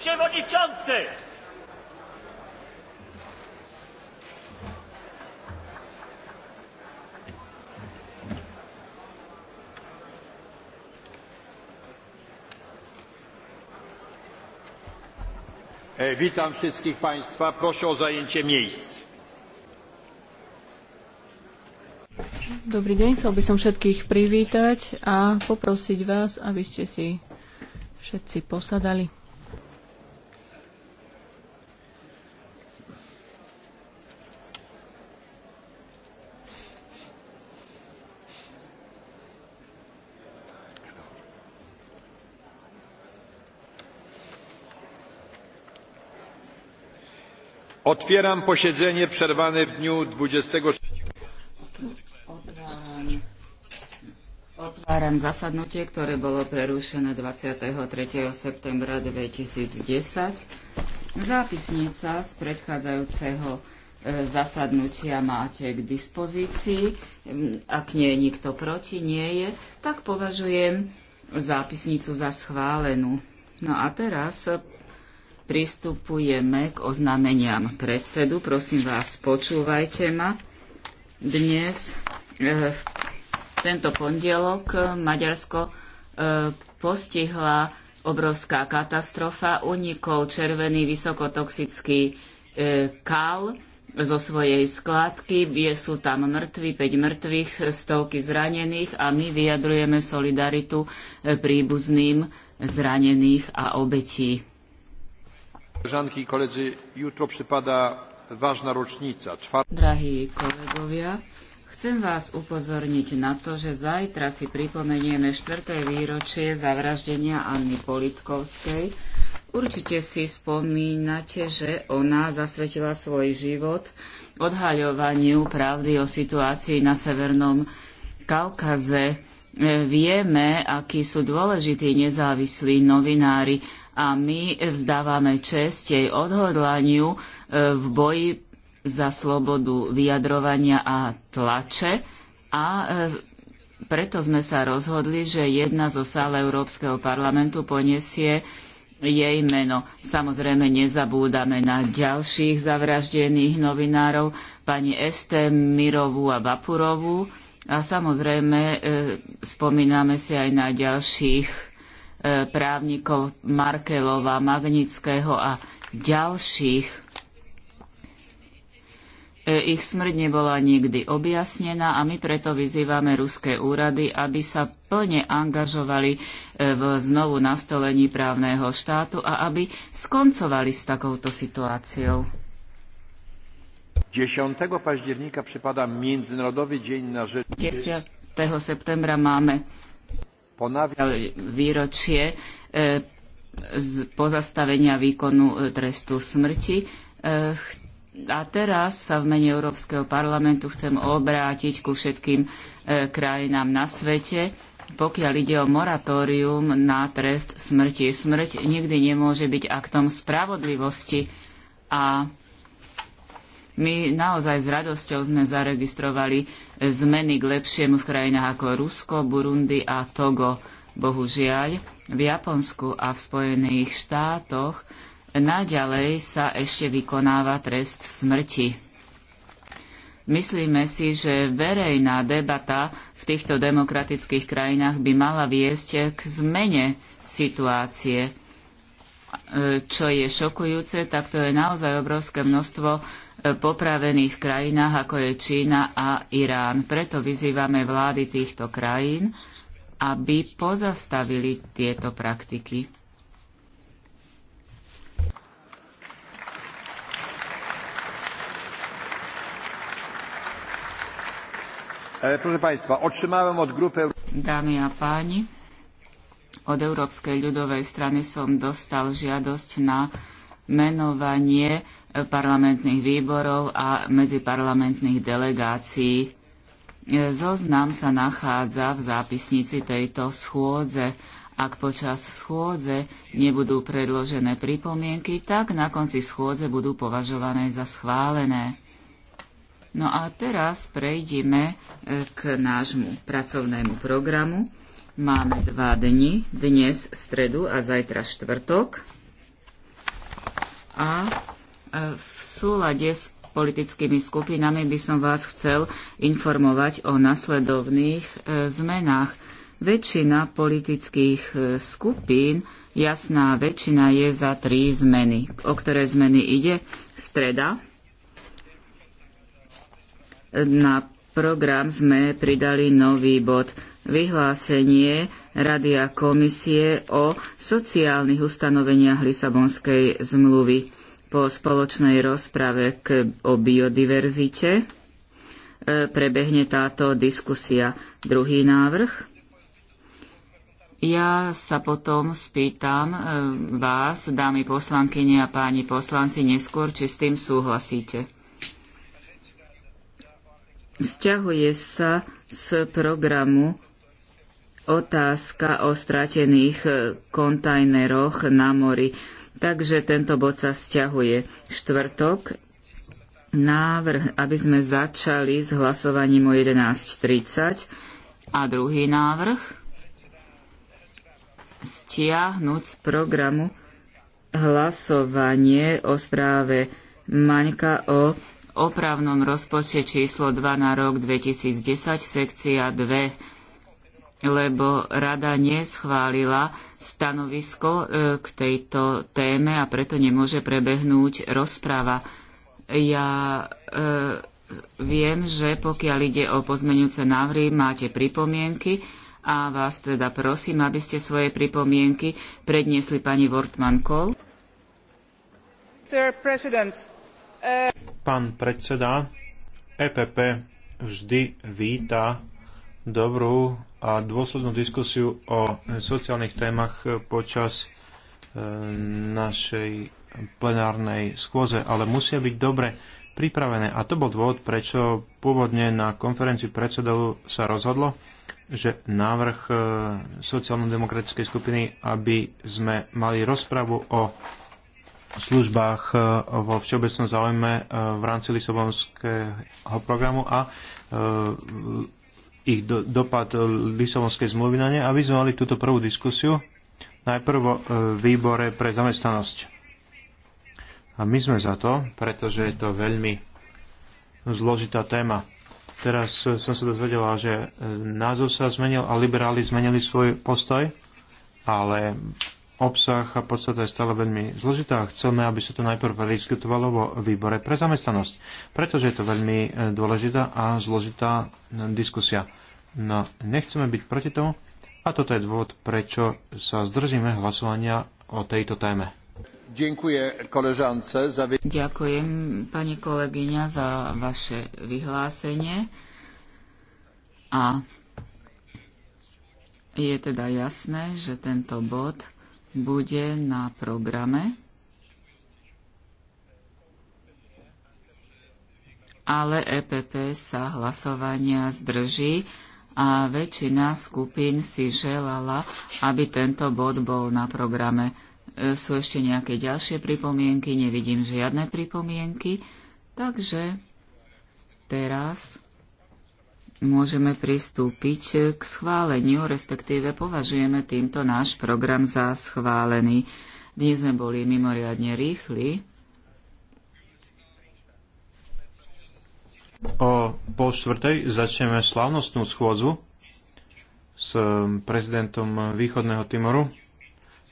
przewodniczący! E, witam wszystkich Państwa. Proszę o zajęcie miejsc. Dobrý deň, chcel by som všetkých privítať a poprosiť vás, aby ste si všetci posadali. Otwieram posiedzenie przerwane w dniu 23. Otváram zasadnutie, ktoré bolo prerušené 23. septembra 2010. Zápisnica z predchádzajúceho e, zasadnutia máte k dispozícii. Hm, ak nie je nikto proti, nie je, tak považujem zápisnicu za schválenú. No a teraz Pristupujeme k oznámeniam predsedu. Prosím vás, počúvajte ma. Dnes, e, tento pondelok, e, Maďarsko e, postihla obrovská katastrofa. Unikol červený vysokotoxický e, kal zo svojej skladky. Je, sú tam mŕtvi, 5 mŕtvych, stovky zranených a my vyjadrujeme solidaritu e, príbuzným zranených a obetí. Drahí kolegovia, chcem vás upozorniť na to, že zajtra si pripomenieme 4. výročie zavraždenia Anny Politkovskej. Určite si spomínate, že ona zasvetila svoj život odhaľovaniu pravdy o situácii na Severnom Kaukaze. E, vieme, akí sú dôležití nezávislí novinári a my vzdávame čest jej odhodlaniu e, v boji za slobodu vyjadrovania a tlače a e, preto sme sa rozhodli, že jedna zo sál Európskeho parlamentu poniesie jej meno. Samozrejme nezabúdame na ďalších zavraždených novinárov, pani Este Mirovú a Vapurovú a samozrejme e, spomíname si aj na ďalších E, právnikov Markelova, Magnického a ďalších. E, ich smrť nebola nikdy objasnená a my preto vyzývame ruské úrady, aby sa plne angažovali e, v znovu nastolení právneho štátu a aby skoncovali s takouto situáciou. 10. października przypada Międzynarodowy Dzień na rzecz... 10. septembra máme E, výročie e, pozastavenia výkonu e, trestu smrti. A teraz sa v mene Európskeho parlamentu chcem obrátiť ku všetkým krajinám na svete, pokiaľ ide o moratórium na trest smrti. Smrť nikdy nemôže byť aktom spravodlivosti a my naozaj s radosťou sme zaregistrovali zmeny k lepšiemu v krajinách ako Rusko, Burundi a Togo. Bohužiaľ, v Japonsku a v Spojených štátoch naďalej sa ešte vykonáva trest smrti. Myslíme si, že verejná debata v týchto demokratických krajinách by mala viesť k zmene situácie. E, čo je šokujúce, tak to je naozaj obrovské množstvo popravených krajinách, ako je Čína a Irán. Preto vyzývame vlády týchto krajín, aby pozastavili tieto praktiky. E, Dámy a páni, od Európskej ľudovej strany som dostal žiadosť na menovanie parlamentných výborov a medziparlamentných delegácií. Zoznam sa nachádza v zápisnici tejto schôdze. Ak počas schôdze nebudú predložené pripomienky, tak na konci schôdze budú považované za schválené. No a teraz prejdeme e, k nášmu pracovnému programu. Máme dva dni, dnes stredu a zajtra štvrtok. A v súlade s politickými skupinami by som vás chcel informovať o nasledovných e, zmenách. Väčšina politických e, skupín, jasná väčšina je za tri zmeny. O ktoré zmeny ide? Streda. Na program sme pridali nový bod vyhlásenie Rady a komisie o sociálnych ustanoveniach Lisabonskej zmluvy po spoločnej rozprave k, o biodiverzite. E, prebehne táto diskusia. Druhý návrh. Ja sa potom spýtam e, vás, dámy poslankyne a páni poslanci, neskôr, či s tým súhlasíte. Sťahuje sa z programu otázka o stratených e, kontajneroch na mori. Takže tento bod sa stiahuje štvrtok. Návrh, aby sme začali s hlasovaním o 11.30 a druhý návrh stiahnuť z programu hlasovanie o správe Maňka o opravnom rozpočte číslo 2 na rok 2010, sekcia 2 lebo rada neschválila stanovisko e, k tejto téme a preto nemôže prebehnúť rozpráva. Ja e, viem, že pokiaľ ide o pozmeňujúce návrhy, máte pripomienky a vás teda prosím, aby ste svoje pripomienky predniesli pani Wortmann-Kohl. E- Pán predseda, EPP vždy víta dobrú a dôslednú diskusiu o sociálnych témach počas e, našej plenárnej skôze, ale musia byť dobre pripravené. A to bol dôvod, prečo pôvodne na konferencii predsedov sa rozhodlo, že návrh e, sociálno-demokratickej skupiny, aby sme mali rozpravu o službách e, vo všeobecnom záujme v rámci Lisobonského programu a ich do, dopad e, Lisabonskej zmluvy na ne, aby sme mali túto prvú diskusiu najprv e, výbore pre zamestnanosť. A my sme za to, pretože je to veľmi zložitá téma. Teraz e, som sa dozvedela, že názov sa zmenil a liberáli zmenili svoj postoj, ale obsah a podstata je stále veľmi zložitá. Chceme, aby sa to najprv prediskutovalo vo výbore pre zamestnanosť, pretože je to veľmi e, dôležitá a zložitá e, diskusia. No, nechceme byť proti tomu a toto je dôvod, prečo sa zdržíme hlasovania o tejto téme. Ďakujem pani kolegyňa za vaše vyhlásenie. A je teda jasné, že tento bod bude na programe, ale EPP sa hlasovania zdrží a väčšina skupín si želala, aby tento bod bol na programe. E, sú ešte nejaké ďalšie pripomienky, nevidím žiadne pripomienky, takže teraz môžeme pristúpiť k schváleniu, respektíve považujeme týmto náš program za schválený. Dnes sme boli mimoriadne rýchli. O pol štvrtej začneme slávnostnú schôdzu s um, prezidentom Východného Timoru.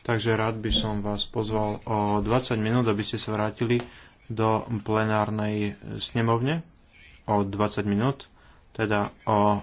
Takže rád by som vás pozval o 20 minút, aby ste sa vrátili do plenárnej snemovne o 20 minút teda o